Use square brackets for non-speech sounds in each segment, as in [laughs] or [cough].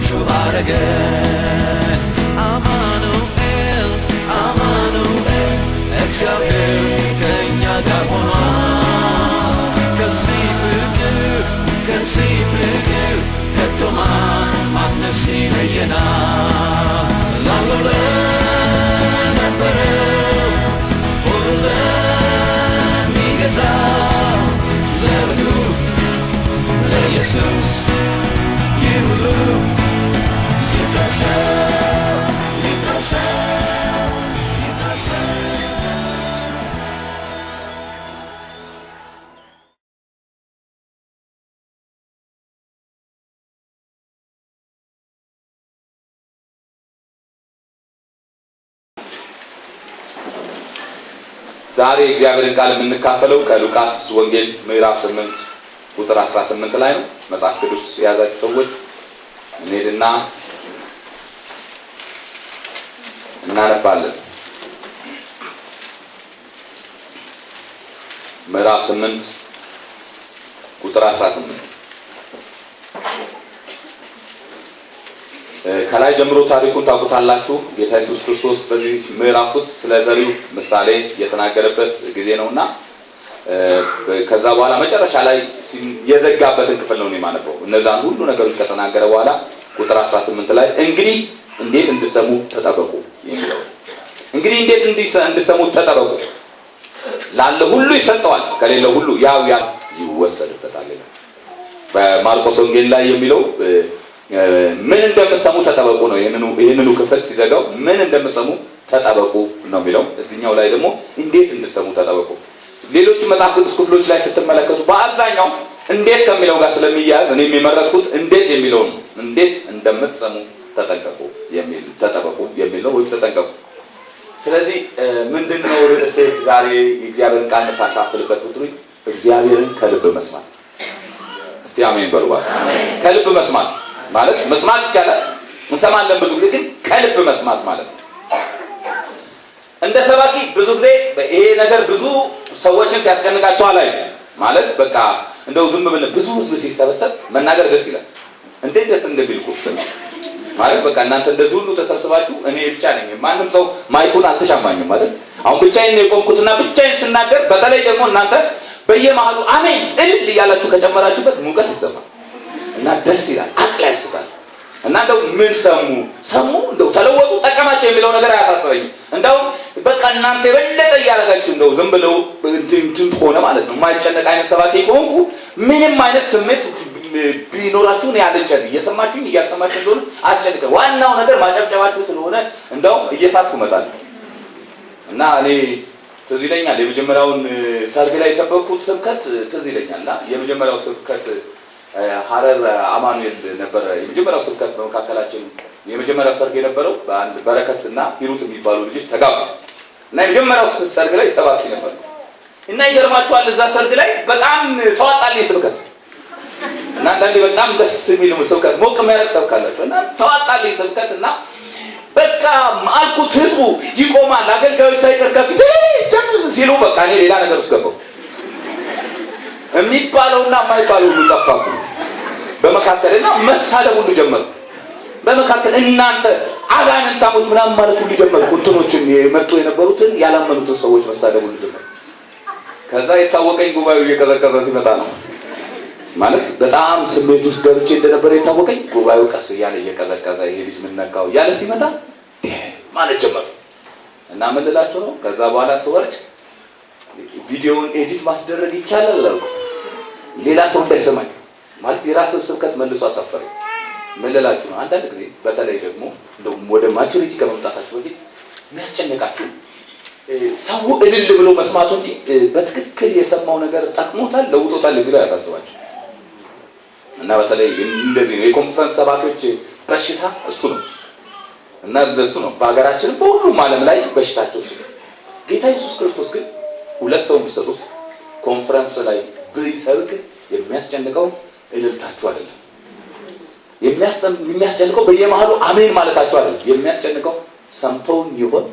Uçup aregel አማኑኤል አማኑኤል እግዚአብሔር ከእኛ ጋር ሆኗል ከዚህ ፍቅር ከዚህ ፍቅር ከቶማን ማነስ ይለየናል ላለው ለነበረው ሁሉ ለሚገዛው ለበጉ ለኢየሱስ ይሁሉ ዛሬ እግዚአብሔርን ቃል የምንካፈለው ከሉቃስ ወንጌል ምዕራፍ 8 ቁጥር 18 ላይ ነው። መጽሐፍ ቅዱስ የያዛችሁ ሰዎች እንሄድና እናነባለን። ምዕራፍ 8 ቁጥር 18 ከላይ ጀምሮ ታሪኩን ታውቁታላችሁ። ጌታ ኢየሱስ ክርስቶስ በዚህ ምዕራፍ ውስጥ ስለ ዘሪው ምሳሌ የተናገረበት ጊዜ ነውና ከዛ በኋላ መጨረሻ ላይ የዘጋበትን ክፍል ነው የማነበው። እነዛን ሁሉ ነገሮች ከተናገረ በኋላ ቁጥር 18 ላይ እንግዲህ እንዴት እንድሰሙ ተጠበቁ እንግዲህ እንዴት እንዲሰሙት ተጠበቁ። ላለ ሁሉ ይሰጠዋል፣ ከሌለ ሁሉ ያው ያ ይወሰድበታል። በማርቆስ ወንጌል ላይ የሚለው ምን እንደምትሰሙ ተጠበቁ ነው። ይህንኑ ክፍል ሲዘጋው ምን እንደምሰሙ ተጠበቁ ነው የሚለው። እዚኛው ላይ ደግሞ እንዴት እንድሰሙ ተጠበቁ። ሌሎች መጽሐፍ ቅዱስ ክፍሎች ላይ ስትመለከቱ በአብዛኛው እንዴት ከሚለው ጋር ስለሚያያዝ እኔ የሚመረጥኩት እንዴት የሚለው ነው። እንዴት እንደምትሰሙ ተጠንቀቁ የሚል ተጠበቁ የሚል ነው ወይም ተጠንቀቁ። ስለዚህ ምንድን ነው ርዕሴ ዛሬ የእግዚአብሔርን ቃል የምታካፍልበት ብትሉኝ እግዚአብሔርን ከልብ መስማት። እስቲ አሜን በሉባት። ከልብ መስማት ማለት መስማት ይቻላል እንሰማለን ብዙ ጊዜ፣ ግን ከልብ መስማት ማለት ነው። እንደ ሰባኪ ብዙ ጊዜ ይሄ ነገር ብዙ ሰዎችን ሲያስቀንቃቸው አላይ ማለት በቃ እንደው ዝም ብለ ብዙ ህዝብ ሲሰበሰብ መናገር ደስ ይላል። እንዴት ደስ እንደሚልኩ ማለት በቃ እናንተ እንደዚህ ሁሉ ተሰብስባችሁ እኔ ብቻ ነኝ፣ ማንም ሰው ማይኩን አልተሻማኝም ማለት አሁን ብቻዬን ነው የቆምኩትና ብቻዬን ስናገር፣ በተለይ ደግሞ እናንተ በየመሃሉ አሜን እልል እያላችሁ ከጨመራችሁበት ሙቀት ይሰማል እና ደስ ይላል፣ አቅል ያስባል እና እንደው ምን ሰሙ ሰሙ እንደው ተለወጡ ጠቀማቸው የሚለው ነገር አያሳስበኝም። እንደውም በቃ እናንተ የበለጠ እያደረጋችሁ እንደው ዝም ብለው እንትን ሆነ ማለት ነው። የማይጨነቅ አይነት ሰባኪ ከሆንኩ ምንም አይነት ስሜት ቢኖራችሁ ነው ያልጨብ እየሰማችሁኝ እያልሰማችሁ እንደሆነ አስጨንቀ ዋናው ነገር ማጨብጨባችሁ ስለሆነ እንደውም እየሳትኩ እመጣለሁ እና እኔ ትዝ ይለኛል የመጀመሪያውን ሰርግ ላይ የሰበኩት ስብከት ትዝ ይለኛል። እና የመጀመሪያው ስብከት ሀረር አማኑኤል ነበረ። የመጀመሪያው ስብከት በመካከላችን የመጀመሪያው ሰርግ የነበረው በአንድ በረከት እና ሂሩት የሚባሉ ልጆች ተጋባ እና የመጀመሪያው ሰርግ ላይ ሰባኪ ነበር እና ይገርማችኋል እዛ ሰርግ ላይ በጣም ተዋጣልኝ ስብከት እና አንዳንዴ በጣም ደስ የሚል ስብከት ሞቅ የሚያደርግ ሰብካላችሁ እና ተዋጣልኝ ስብከት እና በቃ አልኩት። ህዝቡ ይቆማል፣ አገልጋዮች ሳይቀር ከፊት ሲሉ በቃ እኔ ሌላ ነገር ውስጥ ገባሁ። የሚባለውና የማይባለው ሁሉ ጠፋኩ። በመካከል እና መሳለም ሁሉ ጀመርኩ። በመካከል እናንተ አጋንንታሞች ምናምን ማለት ሁሉ ጀመርኩ። እንትኖችን የመጡ የነበሩትን ያላመኑትን ሰዎች መሳለም ሁሉ ጀመርኩ። ከዛ የታወቀኝ ጉባኤው እየቀዘቀዘ ሲመጣ ነው። ማለት በጣም ስሜት ውስጥ ገብቼ እንደነበረ የታወቀኝ። ጉባኤው ቀስ እያለ እየቀዘቀዘ ይሄ ልጅ ምነካው እያለ ሲመጣ ማለት ጀመር እና ምን ነው። ከዛ በኋላ ስወርድ ቪዲዮውን ኤዲት ማስደረግ ይቻላል አልኩ። ሌላ ሰው እንዳይሰማኝ ማለት የራስን ስብከት መልሶ አሳፈረ ምን ልላችሁ ነው፣ አንዳንድ ጊዜ በተለይ ደግሞ ወደ ማቹሪቲ ከመምጣታችሁ በፊት የሚያስጨንቃችሁ ሰው እልል ብሎ መስማቱ እንጂ በትክክል የሰማው ነገር ጠቅሞታል፣ ለውጦታል ብሎ ያሳስባችሁ እና በተለይ እንደዚህ የኮንፈረንስ ሰባቶች በሽታ እሱ ነው እና እሱ ነው በሀገራችንም በሁሉም ዓለም ላይ በሽታቸው እሱ ነው። ጌታ ኢየሱስ ክርስቶስ ግን ሁለት ሰው ቢሰጡት ኮንፈረንስ ላይ ቢሰብክ የሚያስጨንቀው እልልታችሁ አይደለም። የሚያስጨንቀው በየመሃሉ አሜን ማለታችሁ አይደለም። የሚያስጨንቀው ሰምተውን ይሆን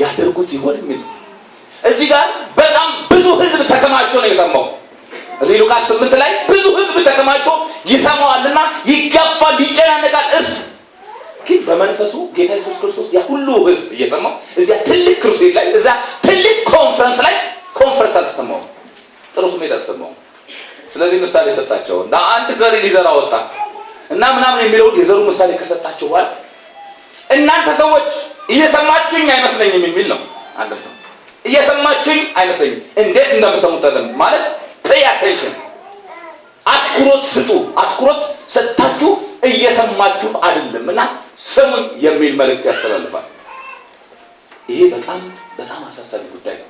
ያደርጉት ይሆን የሚል እዚህ ጋር በጣም ብዙ ህዝብ ተከማችቶ ነው የሰማው። እዚህ ሉቃስ ስምንት ላይ ብዙ ህዝብ ተከማችቶ ይሰማዋልና ይገፋል፣ ይጨናነቃል። እርስ ግን በመንፈሱ ጌታ ኢየሱስ ክርስቶስ ያ ሁሉ ህዝብ እየሰማው እዚያ ትልቅ ክርስቶስ ላይ እዚያ ትልቅ ኮንፈረንስ ላይ ኮንፈረንስ አልተሰማው፣ ጥሩ ስሜት አልተሰማው። ስለዚህ ምሳሌ ሰጣቸው እና አንድ ዘሪ ሊዘራ ወጣ እና ምናምን የሚለው የዘሩ ምሳሌ ከሰጣችሁ በኋላ እናንተ ሰዎች እየሰማችሁኝ አይመስለኝም የሚል ነው። አንደምታ እየሰማችሁኝ አይመስለኝም እንዴት እንደምሰሙት ማለት ፔይ አቴንሽን አትኩሮት ስጡ። አትኩሮት ሰጥታችሁ እየሰማችሁ አይደለም እና ስሙ የሚል መልእክት ያስተላልፋል። ይሄ በጣም በጣም አሳሳቢ ጉዳይ ነው።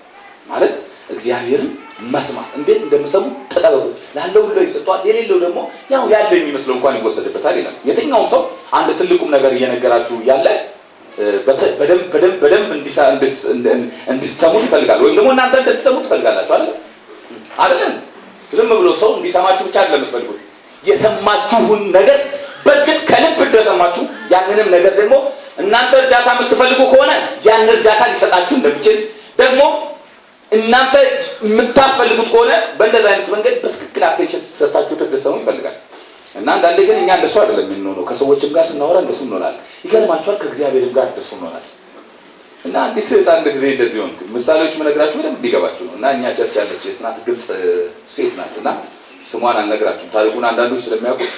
ማለት እግዚአብሔርን መስማት እንዴት እንደምሰሙ ተጠበቁ። ላለው ሁሉ ይሰጠዋል፣ የሌለው ደግሞ ያው ያለው የሚመስለው እንኳን ይወሰድበታል ይላል። የትኛውም ሰው አንድ ትልቁም ነገር እየነገራችሁ ያለ በደንብ እንዲሰሙት ይፈልጋል፣ ወይም ደግሞ እናንተ እንድትሰሙ ትፈልጋላችሁ አይደለም ዝም ብሎ ሰው እንዲሰማችሁ ብቻ አይደለም የምትፈልጉት። የሰማችሁን ነገር በእርግጥ ከልብ እንደሰማችሁ ያንንም ነገር ደግሞ እናንተ እርዳታ የምትፈልጉ ከሆነ ያን እርዳታ ሊሰጣችሁ እንደሚችል ደግሞ እናንተ የምታስፈልጉት ከሆነ በእንደዛ አይነት መንገድ በትክክል አቴንሽን ሰጣችሁ ትደሰሙ ይፈልጋል። እና አንዳንዴ ግን እኛ እንደሱ አይደለም የምንሆነው። ከሰዎችም ጋር ስናወራ እንደሱ እንሆናል ይገርማችኋል። ከእግዚአብሔርም ጋር እንደሱ እንሆናል እና አዲስ ሴት አንድ ጊዜ እንደዚህ ሆንኩ። ምሳሌዎች መነግራችሁ በደንብ እንዲገባችሁ ነው። እና እኛ ቸርች ያለች ናት፣ ግብፅ ሴት ናት። እና ስሟን አልነግራችሁም። ታሪኩን አንዳንዶች ስለሚያውቁት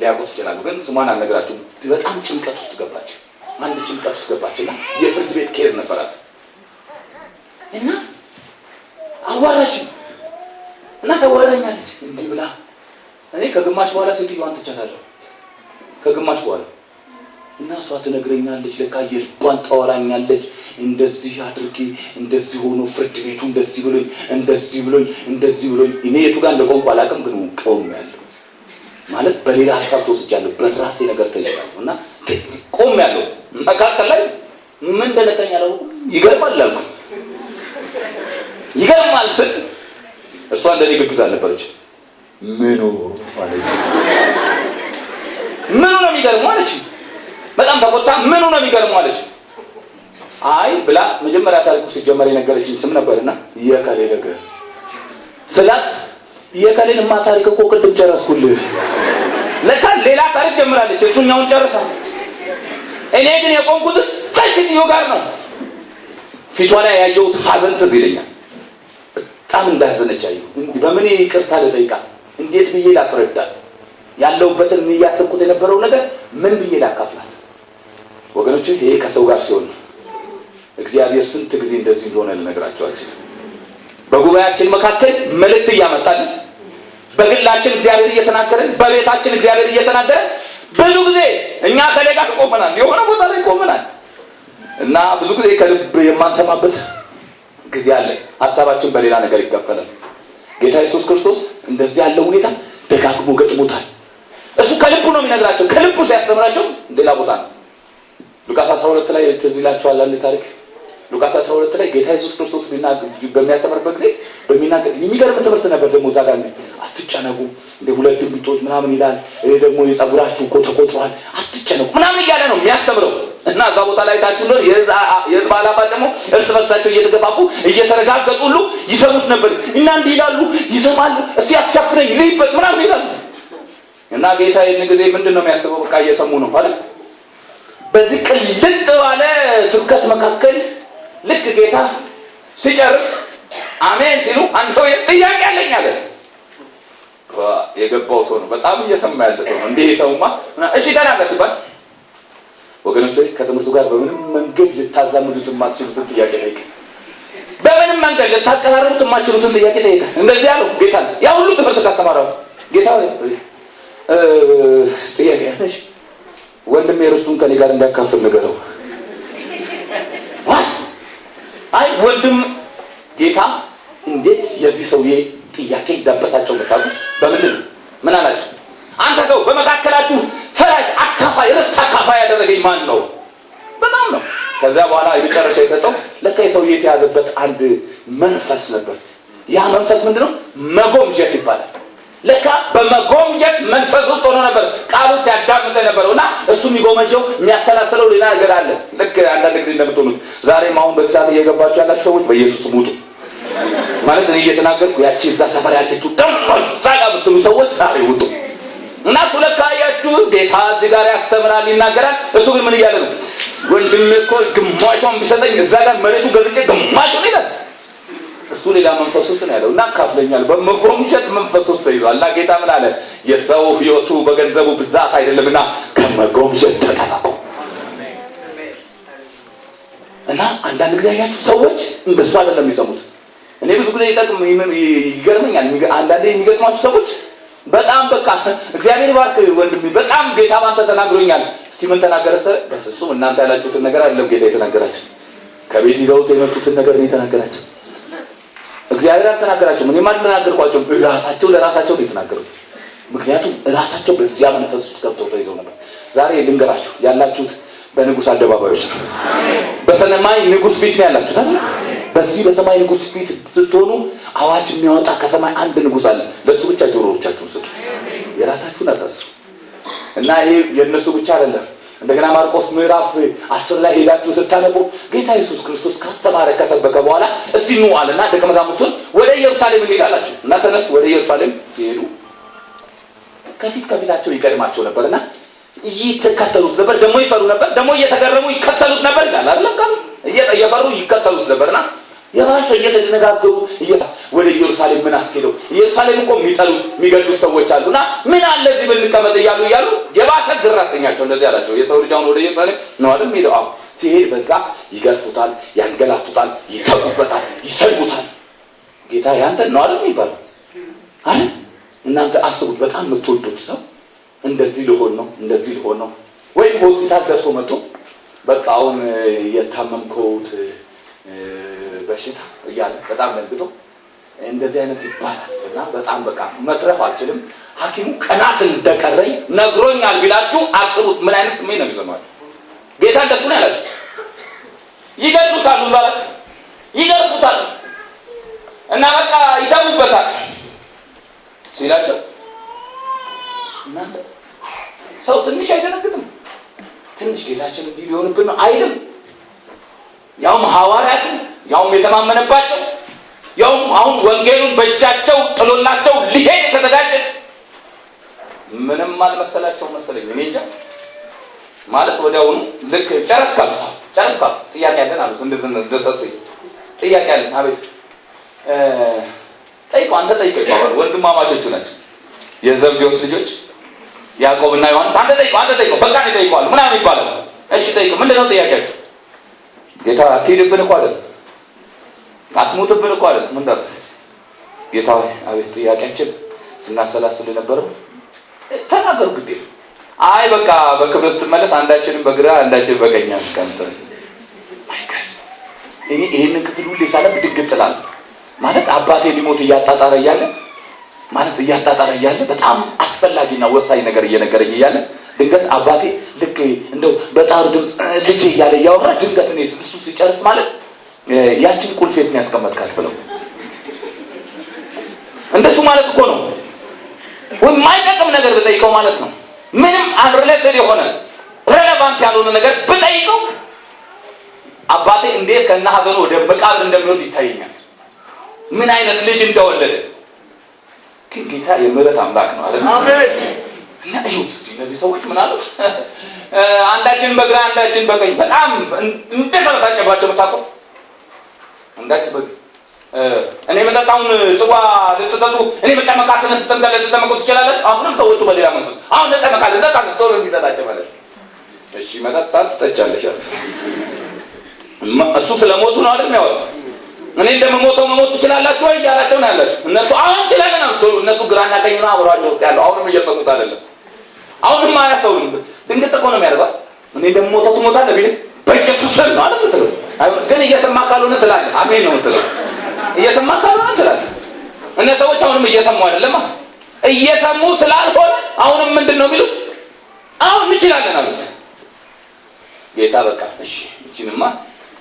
ሊያውቁት ይችላሉ፣ ግን ስሟን አልነግራችሁም። በጣም ጭንቀት ውስጥ ገባች። አንድ ጭንቀት ውስጥ ገባች እና የፍርድ ቤት ኬዝ ነበራት እና አዋራች እና ተዋራኛለች። እንዲህ ብላ እኔ ከግማሽ በኋላ ሴትዮዋን ትቻታለሁ። ከግማሽ በኋላ እና እሷ ትነግረኛለች፣ ለካ የልቧን ታወራኛለች። እንደዚህ አድርጌ እንደዚህ ሆኖ ፍርድ ቤቱ እንደዚህ ብሎኝ እንደዚህ ብሎኝ እንደዚህ ብሎኝ። እኔ የቱ ጋር እንደቆምኩ አላውቅም፣ ግን ቆም ያለው ማለት በሌላ ሀሳብ ተወስጃለሁ፣ በራሴ ነገር ተይዛለሁ እና ቆም ያለው መካከል ላይ ምን እንደነቀኝ አላውቅም። ይገርማል አልኩ ይገርማል ስል እሷ እንደኔ ግብዝ አልነበረች። ምኑ አለች ምኑ ነው የሚገርሙ አለች በጣም ተቆጣ። ምኑ ነው የሚገርመው አለች። አይ ብላ መጀመሪያ ታሪኩ ሲጀመር የነገረችኝ ስም ነበርና የከሌ ነገር ስላት የከሌንማ ታሪክ እኮ ቅድም ጨረስኩልህ። ለካ ሌላ ታሪክ ጀምራለች። እሱኛውን ጨርሳ እኔ ግን የቆምኩት ከሴትዮ ጋር ነው። ፊቷ ላይ ያየሁት ሀዘን ትዝ ይለኛል። በጣም እንዳዘነች አየሁ። በምን ይቅርታ ልጠይቃት? እንዴት ብዬ ላስረዳት? ያለሁበትን እያሰብኩት የነበረው ነገር ምን ብዬ ላካፍላት? ወገኖች ይሄ ከሰው ጋር ሲሆን ነው። እግዚአብሔር ስንት ጊዜ እንደዚህ እንደሆነ ልነግራቸው አልችልም። በጉባኤያችን መካከል መልእክት እያመጣልን፣ በግላችን እግዚአብሔር እየተናገረን፣ በቤታችን እግዚአብሔር እየተናገረን ብዙ ጊዜ እኛ ከላይ ጋር ቆመናል፣ የሆነ ቦታ ላይ ቆመናል እና ብዙ ጊዜ ከልብ የማንሰማበት ጊዜ አለ። ሀሳባችን በሌላ ነገር ይከፈላል። ጌታ ኢየሱስ ክርስቶስ እንደዚህ ያለው ሁኔታ ደጋግሞ ገጥሞታል። እሱ ከልቡ ነው የሚነግራቸው። ከልቡ ሲያስተምራቸው ሌላ ቦታ ነው ሉቃስ 12 ላይ ትዝ ይላችኋል አንድ ታሪክ ሉቃስ 12 ላይ ጌታ ኢየሱስ ክርስቶስ በሚያስተምርበት ጊዜ በሚናገር የሚገርም ትምህርት ነበር። ደግሞ እዛ ጋር አትጨነቁ እንደ ሁለት ብልቶች ምናምን ይላል። ይሄ ደግሞ የጸጉራችሁ እኮ ተቆጥሯል፣ አትጨነቁ ምናምን እያለ ነው የሚያስተምረው እና እዛ ቦታ ላይ ታችሁ ነው የህዝብ አላፋት ደግሞ እርስ በርሳቸው እየተገፋፉ እየተረጋገጡ ሁሉ ይሰሙት ነበር እና እንዲህ ይላሉ ይሰማሉ። እስቲ አትሻፍረኝ ልይበት ምናምን ይላሉ እና ጌታ ይህን ጊዜ ምንድን ነው የሚያስበው? በቃ እየሰሙ ነው አይደል በዚህ ቅልጥ ባለ ስብከት መካከል ልክ ጌታ ሲጨርስ አሜን ሲሉ አንድ ሰው ጥያቄ አለኝ አለ። የገባው ሰው ነው፣ በጣም እየሰማ ያለ ሰው ነው። እንዲህ ሰውማ እሺ ተናገር ሲባል ወገኖች ከትምህርቱ ጋር በምንም መንገድ ልታዛምዱት የማትችሉትን ጥያቄ ጠይቃል። በምንም መንገድ ልታቀራርቡት የማትችሉትን ጥያቄ ጠይቃል። እንደዚህ ያለው ጌታ ያ ሁሉ ትምህርት ካስተማረው ጌታ ጥያቄ ወንድሜ ርስቱን ከኔ ጋር እንዳካፍል ንገረው። አይ ወንድም ጌታ እንዴት የዚህ ሰውዬ ጥያቄ ይዳበሳቸው መታሉ። በምንድን ነው ምን አላቸው? አንተ ሰው በመካከላችሁ ፈራጅ አካፋይ፣ ርስት አካፋይ ያደረገኝ ማን ነው? በጣም ነው። ከዚያ በኋላ የመጨረሻ የሰጠው ለካ የሰውዬ የተያዘበት አንድ መንፈስ ነበር። ያ መንፈስ ነው? መጎምጀት ይባላል። ለካ በመጎምጀት መንፈስ ውስጥ ሆኖ ነበር ቃሉ ሲያዳ ተቀምጠ የነበረው እና እሱ የሚጎመጀው የሚያሰላሰለው ሌላ ነገር አለ። ልክ አንዳንድ ጊዜ እንደምትሆኑት ዛሬም አሁን በዚህ ሰዓት እየገባችሁ ያላችሁ ሰዎች በኢየሱስ ሙጡ ማለት እኔ እየተናገርኩ ያቺ እዛ ሰፈር ያለችው ደግሞ እዛ ጋር የምትሉ ሰዎች ዛሬ ውጡ እና እሱ ለካ አያችሁ፣ ጌታ እዚህ ጋር ያስተምራል፣ ይናገራል። እሱ ግን ምን እያለ ነው? ወንድሜ እኮ ግማሿን ቢሰጠኝ እዛ ጋር መሬቱ ገዝቼ ግማሹን ይላል። እሱ ሌላ መንፈስ ውስጥ ነው ያለው እና ካስለኛል በመጎምጀት መንፈስ ውስጥ ተይዟል። እና ጌታ ምን አለ? የሰው ህይወቱ በገንዘቡ ብዛት አይደለምና ከመጎምጀት ተጠበቁ። እና አንዳንድ ጊዜ ያያችሁ ሰዎች እንደሱ አይደለም የሚሰሙት። እኔ ብዙ ጊዜ ይጠቅም ይገርመኛል። አንዳንዴ የሚገጥሟችሁ ሰዎች በጣም በቃ እግዚአብሔር ባርክ ወንድም በጣም ጌታ ባንተ ተናግሮኛል። እስቲ ምን ተናገረ? ሰ በፍጹም እናንተ ያላችሁትን ነገር አይደለም ጌታ የተናገራችሁ፣ ከቤት ይዘውት የመጡትን ነገር ነው የተናገራችሁ እግዚአብሔር አልተናገራቸውም፣ እኔም አልተናገርኳቸውም። ራሳቸው ለራሳቸው ነው የተናገሩት። ምክንያቱም ራሳቸው በዚያ መንፈስ ውስጥ ገብተው ተይዘው ነበር። ዛሬ ልንገራችሁ፣ ያላችሁት በንጉሥ አደባባዮች ነው። በሰማይ ንጉሥ ፊት ነው ያላችሁት አይደል? በዚህ በሰማይ ንጉስ ፊት ስትሆኑ አዋጅ የሚያወጣ ከሰማይ አንድ ንጉስ አለ። ለእሱ ብቻ ጆሮዎቻችሁን ስጡት፣ የራሳችሁን አታስቡ እና ይሄ የእነሱ ብቻ አይደለም እንደገና ማርቆስ ምዕራፍ አስር ላይ ሄዳችሁ ስታነቡ ጌታ ኢየሱስ ክርስቶስ ካስተማረ ከሰበከ በኋላ እስቲ ኑ አለና ደቀ መዛሙርቱን ወደ ኢየሩሳሌም እንሄዳላችሁ እና ተነሱ ወደ ኢየሩሳሌም ሲሄዱ ከፊት ከፊታቸው ይቀድማቸው ነበር እና ይተከተሉት ነበር ደግሞ ይፈሩ ነበር ደግሞ እየተገረሙ ይከተሉት ነበር ይላል አይደል እየፈሩ ይከተሉት ነበርና የባሰ እየተደነጋገሩ ወደ ኢየሩሳሌም ምን አስኬደው ኢየሩሳሌም እኮ የሚጠሉ የሚገድሉት ሰዎች አሉና ምን አለ እዚህ ብንቀመጥ እያሉ እያሉ የባሰ ግር አሰኛቸው። እንደዚህ አላቸው። የሰው ልጅ አሁን ወደ ኢየሩሳሌም ነው አይደል የሚሄደው? አዎ ሲሄድ በዛ ይገርፉታል፣ ያንገላቱታል፣ ይተቁበታል፣ ይሰድቡታል። ጌታ ያንተ ነው አይደል የሚባለው አይደል? እናንተ አስቡት። በጣም የምትወዱት ሰው እንደዚህ ልሆን ነው እንደዚህ ልሆን ነው ወይም ሆስፒታል ደርሶ መጥቶ በቃ አሁን የታመምከውት በሽታ እያለ በጣም ደንግጦ እንደዚህ አይነት ይባላል እና በጣም በቃ መትረፍ አልችልም። ሀኪሙ ቀናት እንደቀረኝ ነግሮኛል ቢላችሁ አስቡት፣ ምን አይነት ስሜ ነው የሚሰማችሁ? ጌታ እንደሱ ነው ያላችሁ። ይገሉታል፣ ባላችሁ ይገርፉታል፣ እና በቃ ይተሙበታል ሲላቸው እናንተ ሰው ትንሽ አይደነግጥም? ትንሽ ጌታችን እንዲህ ሊሆንብን አይልም። ያውም ሐዋርያት ያውም የተማመነባቸው ያውም አሁን ወንጌሉን በእጃቸው ጥሎላቸው ሊሄድ የተዘጋጀ ምንም አልመሰላቸው መሰለኝ። እኔ እንጃ ማለት ወዲያውኑ ልክ ጨረስ ካሉታ ጨረስ ካሉ ጥያቄ ያለን አሉት። እንደዚህ ደሰሱ ጥያቄ ያለን አቤት ጠይቀው አንተ ጠይቀው ይባባሉ። ወንድማማቾቹ ናቸው የዘብዴዎስ ልጆች ያዕቆብና ዮሐንስ። አንተ ጠይቀው አንተ ጠይቀው በቃ ነው ጠይቀዋል ምናምን ይባላል። እሺ ጠይቀው ምንድነው ጥያቄያቸው? ጌታ አትሂድብን እኮ አለ፣ አትሙትብን እኮ አለ። ምን ጌታ አቤት ጥያቄያችን ስናሰላስል ነበረው ተናገሩ ግዴ አይ በቃ በክብር ስትመለስ አንዳችንም በግራ አንዳችን በቀኝ አስቀምጥ። እኔ ይህንን ክፍል ሁሌ ሳለ ብድግ ትላለህ ማለት አባቴ ሊሞት እያጣጣረ እያለ ማለት እያጣጣረ እያለ በጣም አስፈላጊና ወሳኝ ነገር እየነገረኝ እያለ ድንገት አባቴ ልክ እንደው በጣሩ ድምፅ ልጅ እያለ እያወራ ድንገት እኔ እሱ ሲጨርስ ማለት ያችን ቁልፍ የት ነው ያስቀመጥካት ብለው እንደሱ ማለት እኮ ነው። ወይ ማይጠቅም ነገር ብጠይቀው ማለት ነው። ምንም አንሪሌትድ የሆነ ረለቫንት ያልሆነ ነገር ብጠይቀው አባቴ እንዴት ከና ሀዘኑ ወደ መቃብር እንደሚወርድ ይታየኛል። ምን አይነት ልጅ እንደወለደ ግን ጌታ የምረት አምላክ ነው አለ። እና እዩት እስቲ እነዚህ ሰዎች ምን አሉት? [laughs] አንዳችን በግራ አንዳችን በቀኝ በጣም እንደተበሳጨባቸው ብታውቁ አንዳች በግ እኔ መጠጣውን ጽዋ ልትጠጡ እኔ መጠመቃትን ስትንተ ልትጠመቁ ትችላለን። አሁንም ሰዎቹ በሌላ መንፈስ አሁን ልጠመቃለን ለጣ ቶሎ እንዲሰጣቸው ማለት እሺ መጠጣት ትጠጫለሽ እሱ ስለሞቱ ነው አይደል የሚያወራው። እኔ እንደምሞተው መሞት ትችላላችሁ ወይ እያላቸው ነው ያላችሁ። እነሱ አሁን እንችላለን አሉ። እነሱ ግራና ቀኝ ነው አብሯቸው ውስጥ ያለው አሁንም እየሰሙት አይደለም። አሁንም አያስተውልም። ድንገት ጠቆ ነው የሚያደርገው። እኔ ደግሞ ሞተው ትሞታለህ ቢልህ በኢየሱስ ስም ነው አለ ምትለው። ግን እየሰማ ካልሆነ ትላለህ፣ አሜን ነው ምትለው። እየሰማ ካልሆነ ትላለህ። እነ ሰዎች አሁንም እየሰሙ አይደለም። እየሰሙ ስላልሆነ አሁንም ምንድን ነው የሚሉት? አሁን እንችላለን አሉት። ጌታ በቃ እሺ፣ እቺንማ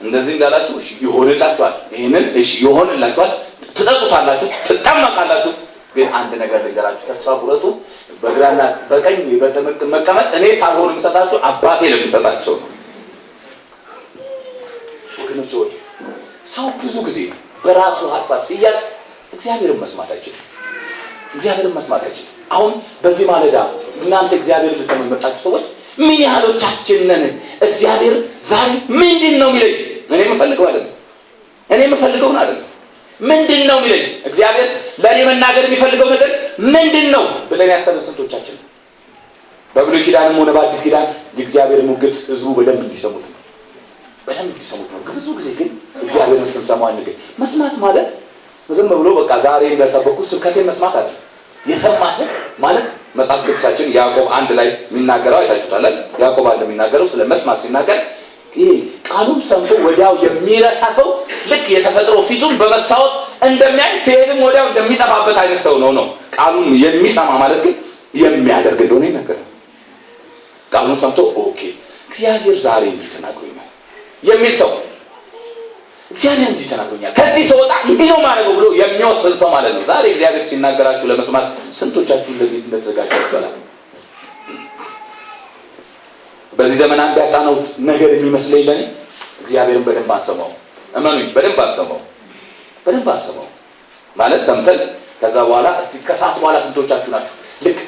እንደዚህ እንዳላችሁ እሺ፣ ይሆንላችኋል። ይሄንን እሺ፣ ይሆንላችኋል። ትጠጡታላችሁ፣ ትጠመቃላችሁ ግን አንድ ነገር ልንገራችሁ፣ ተስፋ ቁረጡ። በግራና በቀኝ መቀመጥ እኔ ሳልሆን የምሰጣቸው አባቴ ለሚሰጣቸው ነው። ወገኖች ወይ ሰው ብዙ ጊዜ በራሱ ሀሳብ ሲያዝ እግዚአብሔርን መስማት አይችልም። እግዚአብሔርን መስማት አይችልም። አሁን በዚህ ማለዳ እናንተ እግዚአብሔር ልሰሙ መጣችሁ ሰዎች ምን ያህሎቻችን ነን? እግዚአብሔር ዛሬ ምንድን ነው የሚለኝ እኔ የምፈልገው አይደለም እኔ የምፈልገውን አይደለም ምንድን ነው የሚለኝ እግዚአብሔር ለእኔ መናገር የሚፈልገው ነገር ምንድን ነው ብለን ያሰብን ስንቶቻችን ነው? ኪዳንም ሆነ በአዲስ ኪዳን የእግዚአብሔር ሙግት ህዝቡ በደንብ እንዲሰሙት ነው፣ በደንብ እንዲሰሙት ነው። ብዙ ጊዜ ግን እግዚአብሔርን ስንሰማው አንገኝ። መስማት ማለት ዝም ብሎ በቃ ዛሬ እንደሰበኩ ስብከቴን መስማት አለ የሰማ ስብ ማለት መጽሐፍ ቅዱሳችን ያዕቆብ አንድ ላይ የሚናገረው አይታችሁታለን። ያዕቆብ አንድ የሚናገረው ስለ መስማት ሲናገር ቃሉን ሰምቶ ወዲያው የሚረሳ ሰው ልክ የተፈጥሮ ፊቱን በመስታወት እንደሚያይ ሲሄድም ወዲያው እንደሚጠፋበት አይነት ሰው ነው ነው ቃሉን የሚሰማ ማለት ግን የሚያደርግ እንደሆነ ይነገራል። ቃሉን ሰምቶ ኦኬ እግዚአብሔር ዛሬ እንዲህ ተናግሮኛል የሚል ሰው እግዚአብሔር እንዲህ ከዚህ ሰው ወጣ እንዲህ ነው ማድረገው ብሎ የሚወስን ሰው ማለት ነው። ዛሬ እግዚአብሔር ሲናገራችሁ ለመስማት ስንቶቻችሁ ለዚህ እንደተዘጋጃችኋል? በዚህ ዘመን አንድ ያጣነውት ነገር የሚመስለኝ ለኔ እግዚአብሔርን በደንብ አንሰማው። እመኑኝ፣ በደንብ አንሰማው፣ በደንብ አንሰማው ማለት ሰምተን ከዛ በኋላ እስኪ ከሰዓት በኋላ ስንቶቻችሁ ናችሁ ልክ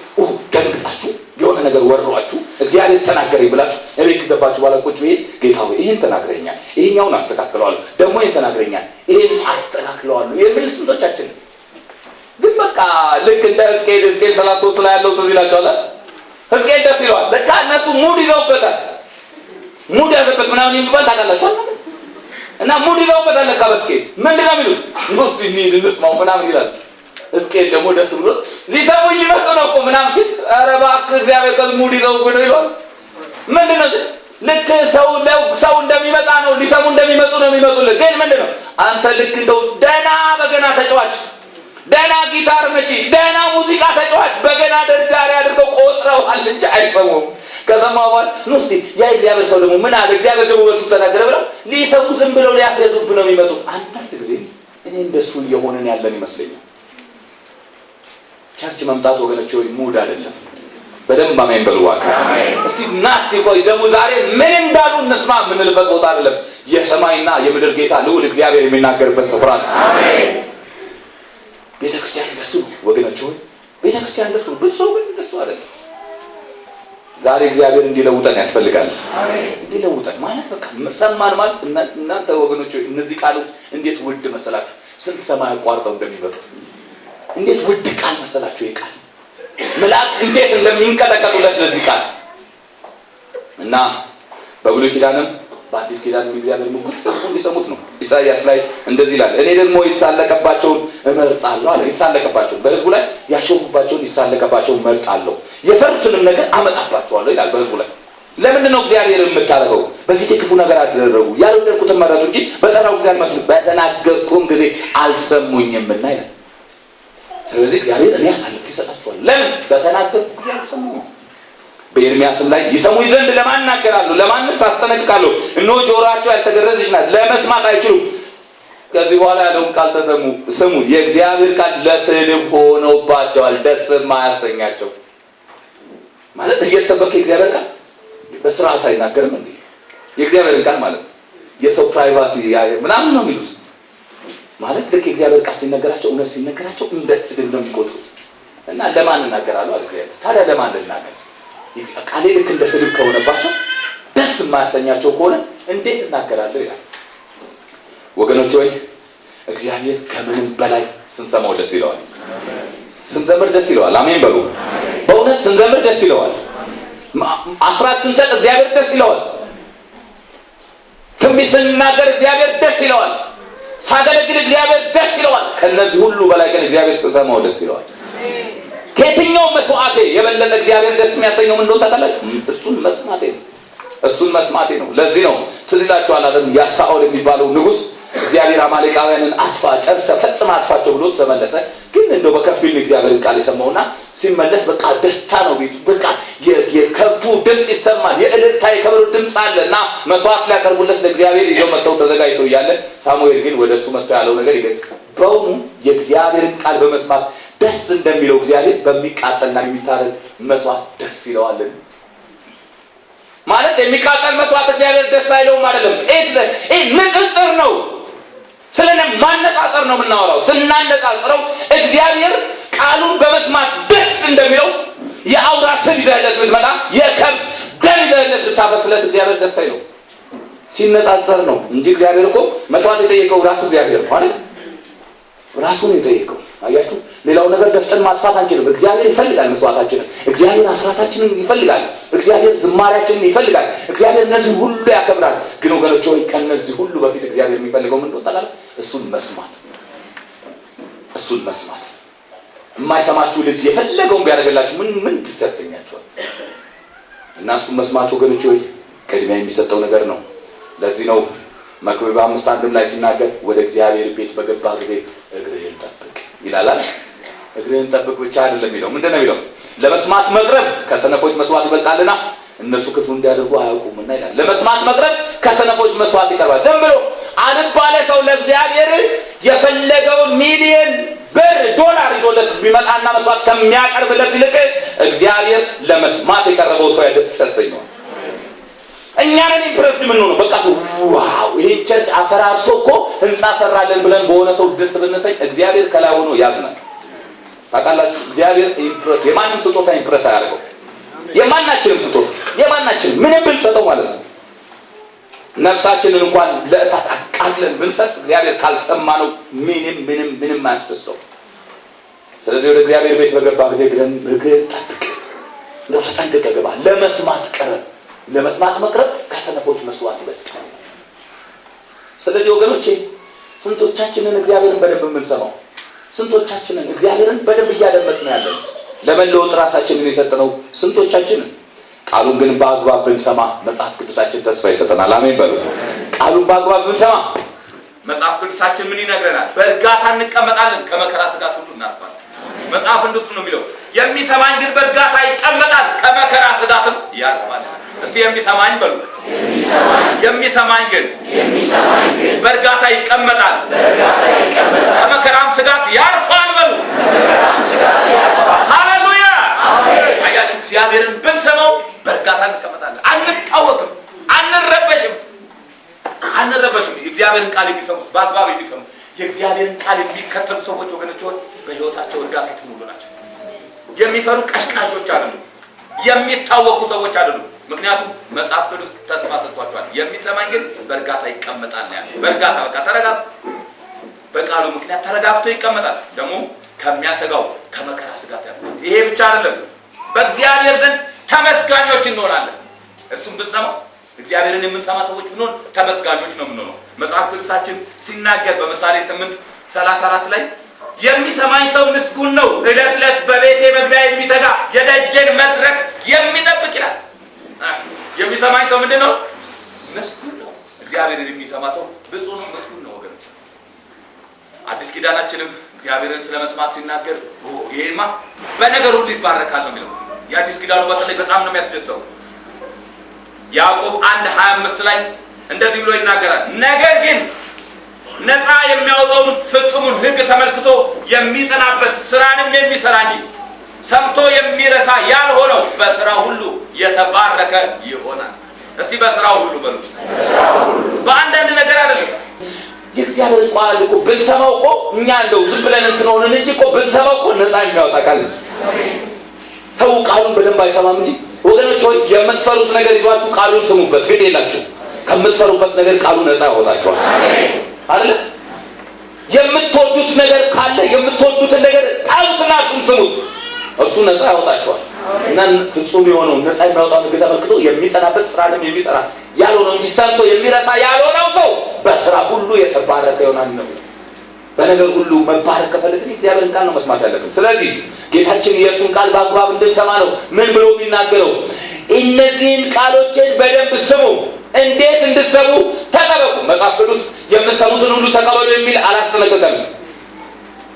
ደንግጣችሁ የሆነ ነገር ወሯችሁ እግዚአብሔር ተናገረኝ ብላችሁ እቤት ከገባችሁ በኋላ ቁጭ ብዬ ጌታ ይህን ተናግረኛል፣ ይህኛውን አስተካክለዋለሁ፣ ደግሞ ይህን ተናግረኛል፣ ይህን አስተካክለዋለሁ የሚል ስንቶቻችን ግን በቃ ልክ እንደ ስኬል ስኬል ሰላሳ ሶስት ላይ ያለው ትዝ ይላችኋል ህዝቅኤል ደስ ይለዋል። ለካ እነሱ ሙድ ይዘውበታል። ሙድ ያዘበት ምናምን የሚባል ታውቃላችሁ እና ሙድ ይዘውበታል። ለካ በስኬ ምንድን የሚሉት ንስ ሚድ ንስማው ምናምን ይላል። ህዝቅኤል ደግሞ ደስ ብሎ ሊሰሙ ይመጡ ነው እኮ ምናምን ሲል ኧረ እባክህ እግዚአብሔር ከዚ ሙድ ይዘውብህ ነው ይለዋል። ምንድን ነው ልክ ሰው ሰው እንደሚመጣ ነው ሊሰሙ እንደሚመጡ ነው የሚመጡልህ። ግን ምንድን ነው አንተ ልክ እንደው ደና በገና ተጫዋች፣ ደና ጊታር መቺ፣ ደህና ሙዚቃ ተጫዋች ይሰማል እንጂ አይሰሙም። ከሰማ በኋላ ኑ እስቲ ያ እግዚአብሔር ሰው ደግሞ ምን አለ እግዚአብሔር ደግሞ በሱ ተናገረ ብለው ሊሰሙ ዝም ብለው ሊያስያዙብ ነው የሚመጡት። አንዳንድ ጊዜ እኔ እንደሱ እየሆንን ያለን ይመስለኛል። ቸርች መምጣት ወገኖች ወይ ሙድ አይደለም። በደንብ አሜን በልዋካ እስቲ ናስቲ ቆይ ደግሞ ዛሬ ምን እንዳሉ እንስማ የምንልበት ቦታ አይደለም። የሰማይና የምድር ጌታ ልዑል እግዚአብሔር የሚናገርበት ስፍራ ነው። ቤተክርስቲያን እንደሱ ነው ወገኖች ወይ ቤተክርስቲያን እንደሱ ነው። ብዙ ግን እንደሱ አይደለም። ዛሬ እግዚአብሔር እንዲለውጠን ያስፈልጋል። እንዲለውጠን ማለት በቃ ሰማን ማለት እናንተ ወገኖች፣ እነዚህ ቃሎች እንዴት ውድ መሰላችሁ! ስንት ሰማይ አቋርጠው እንደሚመጡ እንዴት ውድ ቃል መሰላችሁ! ይህ መልአክ እንዴት እንደሚንቀጠቀጡለት ለዚህ ቃል እና በብሉይ ኪዳንም በአዲስ ኪዳን እግዚአብሔር ምጉት እሱ እንዲሰሙት ነው። ኢሳይያስ ላይ እንደዚህ ይላል፣ እኔ ደግሞ የተሳለቀባቸውን እመርጣለሁ አለ። የተሳለቀባቸውን በህዝቡ ላይ ያሾፉባቸውን የተሳለቀባቸውን እመርጣለሁ የፈሩትንም ነገር አመጣባቸዋለሁ ይላል በህዝቡ ላይ። ለምንድን ነው እግዚአብሔር የምታደርገው? በፊቴ ክፉ ነገር አደረጉ፣ ያልወደድኩትን መረጡ እንጂ በጠራው ጊዜ አልመሰሉም፣ በተናገርኩም ጊዜ አልሰሙኝምና ይላል። ስለዚህ እግዚአብሔር እኔ አሳልፌ ይሰጣቸዋል። ለምን? በተናገርኩ ጊዜ አልሰሙኝም። በኤርሚያስም ላይ ይሰሙኝ ዘንድ ለማናገራሉ ለማንስ አስጠነቅቃለሁ? እነሆ ጆሮቸው ያልተገረዘች ናት፣ ለመስማት አይችሉም። ከዚህ በኋላ ያለውን ቃል ተሰሙ ስሙ። የእግዚአብሔር ቃል ለስድብ ሆኖባቸዋል፣ ደስም አያሰኛቸው ማለት እየተሰበከ እግዚአብሔር ቃል በስርዓት አይናገርም እንዴ? የእግዚአብሔር ቃል ማለት የሰው ፕራይቫሲ ምናምን ነው የሚሉት። ማለት ልክ የእግዚአብሔር ቃል ሲነገራቸው እውነት ሲነገራቸው እንደ ስድብ ነው የሚቆጥሩት። እና ለማን እናገራለሁ አለ እግዚአብሔር። ታዲያ ለማን ልናገር? ቃሌ ልክ እንደ ስድብ ከሆነባቸው ደስ የማያሰኛቸው ከሆነ እንዴት እናገራለሁ ይላል። ወገኖች ወይ እግዚአብሔር ከምንም በላይ ስንሰማው ደስ ይለዋል፣ ስንዘምር ደስ ይለዋል። አሜን በሉ። በእውነት ስንዘምር ደስ ይለዋል። አስራት ስንሰጥ እግዚአብሔር ደስ ይለዋል። ትንቢት ስንናገር እግዚአብሔር ደስ ይለዋል። ሳገለግል እግዚአብሔር ደስ ይለዋል። ከእነዚህ ሁሉ በላይ ግን እግዚአብሔር ስሰማው ደስ ይለዋል። ከየትኛው መስዋዕቴ የበለጠ እግዚአብሔር ደስ የሚያሰኘው ምንደ ታውቃላችሁ? እሱን መስማቴ ነው። እሱን መስማቴ ነው። ለዚህ ነው ትዝላቸኋል ይላችኋል ያሳኦል የሚባለው ንጉስ እግዚአብሔር አማሌቃውያንን አጥፋ ጨርሰ ፈጽመ አጥፋቸው ብሎ ተመለሰ። ግን እንደ በከፊል እግዚአብሔርን ቃል የሰማውና ሲመለስ በቃ ደስታ ነው ቤቱ። በቃ የከብቱ ድምፅ ይሰማል፣ የእልልታ የከበሩ ድምፅ አለ እና መስዋዕት ሊያቀርቡለት ለእግዚአብሔር ይዘው መጥተው ተዘጋጅቶ እያለ ሳሙኤል ግን ወደ እሱ መጥቶ ያለው ነገር ይገ በውኑ የእግዚአብሔርን ቃል በመስማት ደስ እንደሚለው እግዚአብሔር በሚቃጠልና የሚታረድ መስዋዕት ደስ ይለዋለን። ማለት የሚቃጠል መስዋዕት እግዚአብሔር ደስ አይለውም አይደለም። ይህ ንጽጽር ነው። ስለ ማነጻጸር ነው የምናወራው። ስናነጻጽረው እግዚአብሔር ቃሉን በመስማት ደስ እንደሚለው የአውራ ስብ ይዘህለት ብትመጣ የከብት ደም ይዘህለት ብታፈስለት እግዚአብሔር ደስ አይለው። ሲነጻጸር ነው እንጂ እግዚአብሔር እኮ መስዋዕት የጠየቀው ራሱ እግዚአብሔር ነው አይደል? ራሱን የጠየቀው አያችሁ፣ ሌላው ነገር ደፍጠን ማጥፋት አንችልም። እግዚአብሔር ይፈልጋል መስዋዕታችንን፣ እግዚአብሔር አስራታችንን ይፈልጋል፣ እግዚአብሔር ዝማሪያችንን ይፈልጋል። እግዚአብሔር እነዚህ ሁሉ ያከብራል። ግን ወገኖች ሆይ ከእነዚህ ሁሉ በፊት እግዚአብሔር የሚፈልገው ምን እንደሆነ እሱን መስማት፣ እሱን መስማት። የማይሰማችሁ ልጅ የፈለገውን ቢያደርግላችሁ ምን ምን ትስተሰኛችኋል? እና እሱን መስማት ወገኖች ሆይ ቅድሚያ የሚሰጠው ነገር ነው። ለዚህ ነው መክብብ አምስት አንድም ላይ ሲናገር ወደ እግዚአብሔር ቤት በገባ ጊዜ እግር ይላላል። እግርህን ጠብቅ ብቻ አይደለም የሚለው ምንድን ነው የሚለው? ለመስማት መቅረብ ከሰነፎች መስዋዕት ይበልጣልና እነሱ ክፉ እንዲያደርጉ አያውቁምና ይላል። ለመስማት መቅረብ ከሰነፎች መስዋዕት ይቀርባል። ዝም ብሎ አልባለ ሰው ለእግዚአብሔር የፈለገውን ሚሊየን ብር ዶላር ይዞለት ቢመጣና መስዋዕት ከሚያቀርብለት ይልቅ እግዚአብሔር ለመስማት የቀረበው ሰው ያደስ ያሰኘዋል። እኛንን ኢምፕረስድ የምንሆነው በቃ ሰው ዋው ይሄ ቸርች አፈራርሶ እኮ ህንፃ ሰራለን ብለን በሆነ ሰው ደስ ብንሰኝ እግዚአብሔር ከላይ ሆኖ ያዝናል። ታውቃላችሁ፣ እግዚአብሔር ኢምፕረስ የማንም ስጦታ ኢምፕረስ አያደርገው። የማናችንም ስጦታ የማናችንም ምንም ብንሰጠው ማለት ነው ነፍሳችንን እንኳን ለእሳት አቃጥለን ብንሰጥ እግዚአብሔር ካልሰማ ነው ምንም ምንም ምንም አያስደስተው። ስለዚህ ወደ እግዚአብሔር ቤት በገባ ጊዜ ግን ርግጥ ጠብቅ፣ ተጠንቅቀህ ግባ። ለመስማት ቀረብ ለመስማት መቅረብ ከሰነፎች መስዋዕት ይበልጣል። ስለዚህ ወገኖቼ ስንቶቻችንን እግዚአብሔርን በደንብ የምንሰማው? ስንቶቻችንን እግዚአብሔርን በደንብ እያደመጥ ነው ያለን? ለመለወጥ ራሳችንን የሰጠነው ስንቶቻችንን? ቃሉን ግን በአግባብ ብንሰማ መጽሐፍ ቅዱሳችን ተስፋ ይሰጠናል። አሜን በሉ። ቃሉን በአግባብ ብንሰማ መጽሐፍ ቅዱሳችን ምን ይነግረናል? በእርጋታ እንቀመጣለን፣ ከመከራ ስጋት ሁሉ እናርፋለን። መጽሐፍ እንድሱ ነው የሚለው። የሚሰማኝ ግን በእርጋታ ይቀመጣል፣ ከመከራ ስጋትም ያርፋለን እስቲ የሚሰማኝ በሉ። የሚሰማኝ ግን በእርጋታ ይቀመጣል፣ ከመከራም ስጋት ያርፋል በሉ። ሃሌሉያ! አያችሁ፣ እግዚአብሔርን ብንሰማው በእርጋታ እንቀመጣለን። አንታወቅም፣ አንረበሽም፣ አንረበሽም። የእግዚአብሔርን ቃል የሚሰሙ በአግባብ የሚሰሙ የእግዚአብሔርን ቃል የሚከተሉ ሰዎች ወገኖችሆን በህይወታቸው እርጋታ የተሞሉ ናቸው። የሚፈሩ ቀሽቃሾች አይደሉም። የሚታወቁ ሰዎች አይደሉም። ምክንያቱም መጽሐፍ ቅዱስ ተስፋ ሰጥቷቸዋል። የሚሰማኝ ግን በእርጋታ ይቀመጣል ያለ በእርጋታ በቃ ተረጋ በቃሉ ምክንያት ተረጋግቶ ይቀመጣል። ደግሞ ከሚያሰጋው ከመከራ ስጋት ያ ይሄ ብቻ አይደለም። በእግዚአብሔር ዘንድ ተመስጋኞች እንሆናለን። እሱም ብንሰማው እግዚአብሔርን የምንሰማ ሰዎች ብንሆን ተመስጋኞች ነው የምንሆነው። መጽሐፍ ቅዱሳችን ሲናገር በምሳሌ ስምንት ሰላሳ አራት ላይ የሚሰማኝ ሰው ምስጉን ነው፣ እለት ዕለት በቤቴ መግቢያ የሚተጋ የደጀን መድረክ የሚጠብቅ ይላል። የሚሰማኝ ሰው ምንድን ነው? ምስጉን ነው። እግዚአብሔርን የሚሰማ ሰው ብዙ ነው፣ ምስጉን ነው ወገኖች። አዲስ ኪዳናችንም እግዚአብሔርን ስለ መስማት ሲናገር ይሄማ በነገር ሁሉ ይባረካል ነው የሚለው። የአዲስ ኪዳኑ በተለይ በጣም ነው የሚያስደስተው። ያዕቆብ አንድ ሀያ አምስት ላይ እንደዚህ ብሎ ይናገራል። ነገር ግን ነፃ የሚያወጣውን ፍጹሙን ሕግ ተመልክቶ የሚጸናበት ስራንም የሚሰራ እንጂ ሰምቶ የሚረሳ ያልሆነው በስራ ሁሉ የተባረከ ይሆናል። እስቲ በስራው ሁሉ በሉ። በአንዳንድ ነገር አይደለም። የእግዚአብሔር ቃል እኮ ብንሰማው እኮ እኛ እንደው ዝም ብለን እንትነሆንን እንጂ እኮ ብንሰማው እኮ ነፃ የሚያወጣ ቃል ሰው ቃሉን በደንብ አይሰማም እንጂ ወገኖች ሆይ የምትፈሩት ነገር ይዟችሁ ቃሉን ስሙበት። ግድ የላችሁ ከምትፈሩበት ነገር ቃሉ ነፃ ያወጣችኋል። አለ የምትወዱት ነገር ካለ የምትወዱትን ነገር ጣሉትና እሱን ስሙት። እሱ ነፃ ያወጣቸዋል እና ፍጹም የሆነው ነፃ የሚያወጣ ሕግ ተመልክቶ የሚጸናበት ስራንም የሚጸና ያልሆነው እንጂ ሰምቶ የሚረሳ ያልሆነው ሰው በስራ ሁሉ የተባረከ ይሆናል ነው። በነገር ሁሉ መባረክ ከፈለግን እግዚአብሔርን ቃል ነው መስማት ያለብን። ስለዚህ ጌታችን ኢየሱስን ቃል በአግባብ እንድንሰማ ነው ምን ብሎ የሚናገረው? እነዚህን ቃሎችን በደንብ ስሙ። እንዴት እንድሰሙ ተጠበቁ። መጽሐፍ ቅዱስ የምትሰሙትን ሁሉ ተቀበሉ የሚል አላስጠነቀቀም።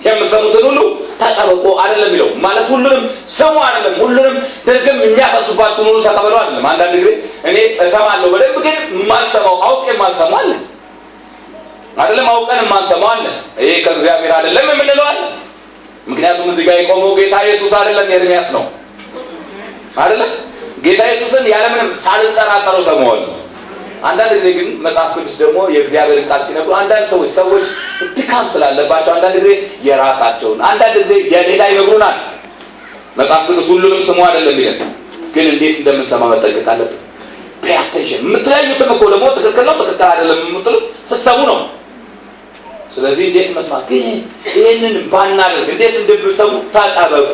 የምሰሙትን ሁሉ ተጠበቁ አይደለም የሚለው ማለት ሁሉንም ሰው አይደለም። ሁሉንም ድርግም የሚያፈሱባችሁ ሙሉ ተቀበሉ አይደለም። አንዳንድ ጊዜ እኔ እሰማለሁ በደንብ ግን የማልሰማው አውቄ የማልሰማው አለ አይደለም። አውቀን የማንሰማው አለ። ይሄ ከእግዚአብሔር አይደለም የምንለው አለ። ምክንያቱም እዚህ ጋር የቆመው ጌታ ኢየሱስ አይደለም ኤርሚያስ ነው አይደለም። ጌታ ኢየሱስን ያለምንም ሳልጠራጠረው ሰማዋለሁ። አንዳንድ ጊዜ ግን መጽሐፍ ቅዱስ ደግሞ የእግዚአብሔር ቃል ሲነግሩ አንዳንድ ሰዎች ሰዎች ድካም ስላለባቸው አንዳንድ ጊዜ የራሳቸውን አንዳንድ ጊዜ የሌላ ይነግሩናል። መጽሐፍ ቅዱስ ሁሉንም ስሙ አይደለም ይለን፣ ግን እንዴት እንደምንሰማ መጠንቀቅ አለብን። ፔአቴንሽን የምትለያዩትም እኮ ደግሞ ትክክል ነው ትክክል አይደለም የምትሉ ስትሰሙ ነው። ስለዚህ እንዴት መስማት ግን ይህንን ባናደርግ እንዴት እንደምሰሙ ታጠበቁ።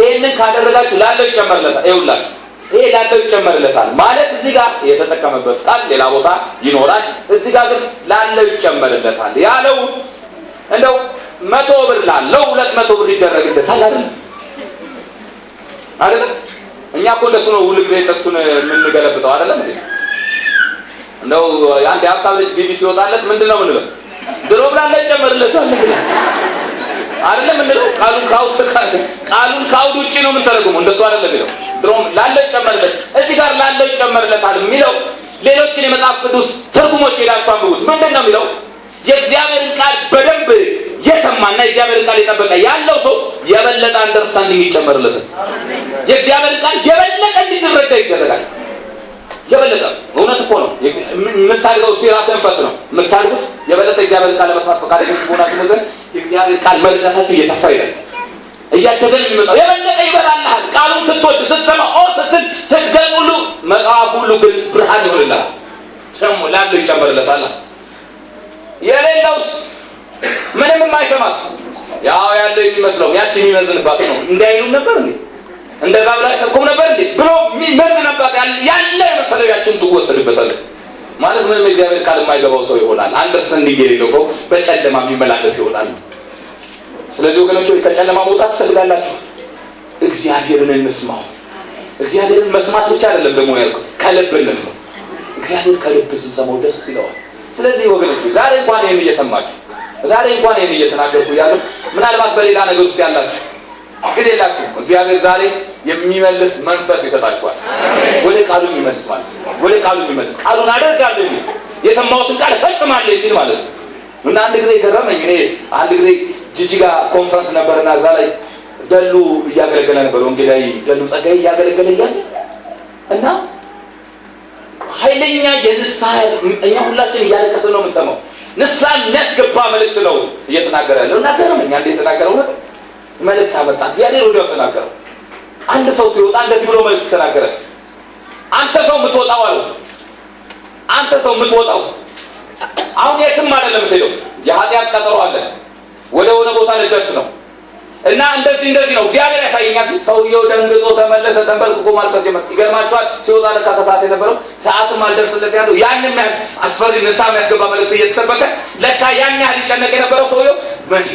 ይህንን ካደረጋችሁ ላለው ይጨመርለታል ይውላችሁ ይሄ ላለው ይጨመርለታል ማለት እዚህ ጋር የተጠቀመበት ቃል ሌላ ቦታ ይኖራል። እዚህ ጋር ግን ላለው ይጨመርለታል ያለው እንደው መቶ ብር ላለው ሁለት መቶ ብር ይደረግለታል አይደል? አይደል? እኛ እኮ እንደሱ ነው ሁል ጊዜ ጥቅሱን የምንገለብጠው አይደለም እንዴ? እንደው የአንድ የሀብታም ልጅ ቢቢ ሲወጣለት ምንድን ነው ምንለው ድሮም ላለው ይጨመርለታል አይደለም እንደው ቃሉን ካውድ ቃሉን ካውድ ውጪ ነው የምንተረጉመው። እንደሱ አይደለም ይለው ድሮም ላለው ይጨመርለት፣ እዚህ ጋር ላለው ይጨመርለታል የሚለው ሌሎችን የመጽሐፍ ቅዱስ ትርጉሞች ሄዳችሁ አንብቡት። ምንድን ነው የሚለው? የእግዚአብሔርን ቃል በደንብ የሰማና የእግዚአብሔርን ቃል የጠበቀ ያለው ሰው የበለጠ አንደርስታንድ የሚጨመርለት የእግዚአብሔርን ቃል የበለጠ እንዲረዳ ይደረጋል። የበለጠ እውነት እኮ ነው የምታድገው። እሱ የራስህን ፈት ነው የምታድጉት የበለጠ እግዚአብሔርን ቃል ለመስማት ፈቃደኞች ሆናችሁ ነገር የእግዚአብሔር ቃል መዝናታችሁ እየሰፋ ይላል። እያደገ የሚመጣው የበለጠ ይበላልሃል። ቃሉን ስትወድ ስትሰማ ኦ ስትል ስትገኝ ሁሉ መጽሐፍ ሁሉ ግን ብርሃን ይሆንልሃል። ደግሞ ላለው ይጨመርለታል። የሌለውስ ምንም የማይሰማት ያው ያለ የሚመስለው ያቺ የሚመዝንባት ነው። እንዳይሉም ነበር እንዴ እንደዛ ብላ ሰብኩም ነበር እንዴ ብሎ የሚመዝንባት ያለ የመሰለው ያችን ትወሰድበታለች ማለት ምንም እግዚአብሔር ቃል የማይገባው ሰው ይሆናል። አንደርስታንዲንግ የሌለው ሰው በጨለማ የሚመላለስ ይሆናል። ስለዚህ ወገኖች ከጨለማ መውጣት ትፈልጋላችሁ? እግዚአብሔርን እንስማው። እግዚአብሔርን መስማት ብቻ አይደለም ደግሞ ያልኩ ከልብ እንስማው። እግዚአብሔር ከልብ ስንሰማው ደስ ይለዋል። ስለዚህ ወገኖች ዛሬ እንኳን ይህን እየሰማችሁ ዛሬ እንኳን ይህን እየተናገርኩ ያለሁ ምናልባት በሌላ ነገር ውስጥ ያላችሁ ግን የላችሁ እግዚአብሔር ዛሬ የሚመልስ መንፈስ ይሰጣችኋል። ወደ ቃሉ የሚመልስ ማለት ነው። ወደ ቃሉ የሚመልስ ቃሉን አደርጋለሁ የሚል የሰማሁትን ቃል ፈጽማለሁ የሚል ማለት ነው። እና አንድ ጊዜ ገረመኝ እኔ አንድ ጊዜ ጅጅጋ ኮንፈረንስ ነበርና እዛ ላይ ደሉ እያገለገለ ነበር። ወንጌላዊ ደሉ ጸጋይ እያገለገለ እያለ እና ኃይለኛ የንስሐ እኛ ሁላችን እያለቀስ ነው የምንሰማው። ንስሐ የሚያስገባ መልእክት ነው እየተናገረ ያለው እና ገረመኝ። አንድ እውነት መልእክት አመጣ እግዚአብሔር ወዲያው ተናገረው አንድ ሰው ሲወጣ እንደዚህ ብሎ መልእክት ተናገረ። አንተ ሰው የምትወጣው አለ። አንተ ሰው የምትወጣው አሁን የትም አይደለም የምትሄደው፣ የኃጢአት ቀጠሮ አለ። ወደ ሆነ ቦታ ልደርስ ነው እና እንደዚህ እንደዚህ ነው እግዚአብሔር ያሳየኛል። ሰውየው ደንግጦ ተመለሰ፣ ተንበርክኮ ማልቀስ ጀመር። ይገርማቸዋል። ሲወጣ ለካ ከሰዓት የነበረው ሰዓትም አልደርስለት ያለው ያንም ያህል አስፈሪ ንሳ የሚያስገባ መልእክት እየተሰበከ ለካ ያን ያህል ይጨነቅ የነበረው ሰውየው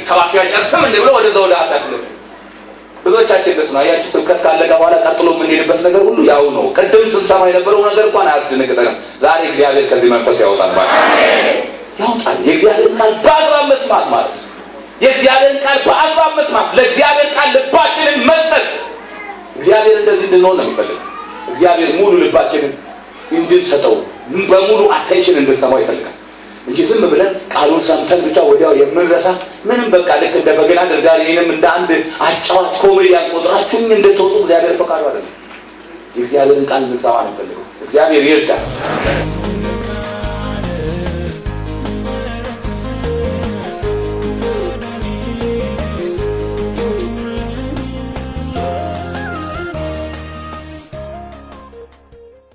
ሰባኪ ጨርስም እንደ ብሎ ወደዛ ወደ ኃጢአት ብዙዎቻችን ደስ ነው አያችሁ። ስብከት ካለቀ በኋላ ቀጥሎ የምንሄድበት ነገር ሁሉ ያው ነው። ቅድም ስንሰማ የነበረው ነገር እንኳን አያስደነግጠንም። ዛሬ እግዚአብሔር ከዚህ መንፈስ ያወጣል ማለት ያውጣል። የእግዚአብሔር ቃል በአግባብ መስማት ማለት የእግዚአብሔር ቃል በአግባብ መስማት፣ ለእግዚአብሔር ቃል ልባችንን መስጠት። እግዚአብሔር እንደዚህ እንድንሆን ነው የሚፈልግ። እግዚአብሔር ሙሉ ልባችንን እንድንሰጠው፣ በሙሉ አቴንሽን እንድንሰማው ይፈልጋል። እንጂ ዝም ብለን ቃሉን ሰምተን ብቻ ወዲያው የምንረሳ ምንም በቃ ልክ እንደ በገና አድርጋሪ ይህንም እንደ አንድ አጫዋች ኮሜዲያ ቆጥራችሁኝ እንድትወጡ እግዚአብሔር ፈቃዱ አይደለም። የእግዚአብሔርን ቃል ልንሰማ ነው እግዚአብሔር ይርዳል።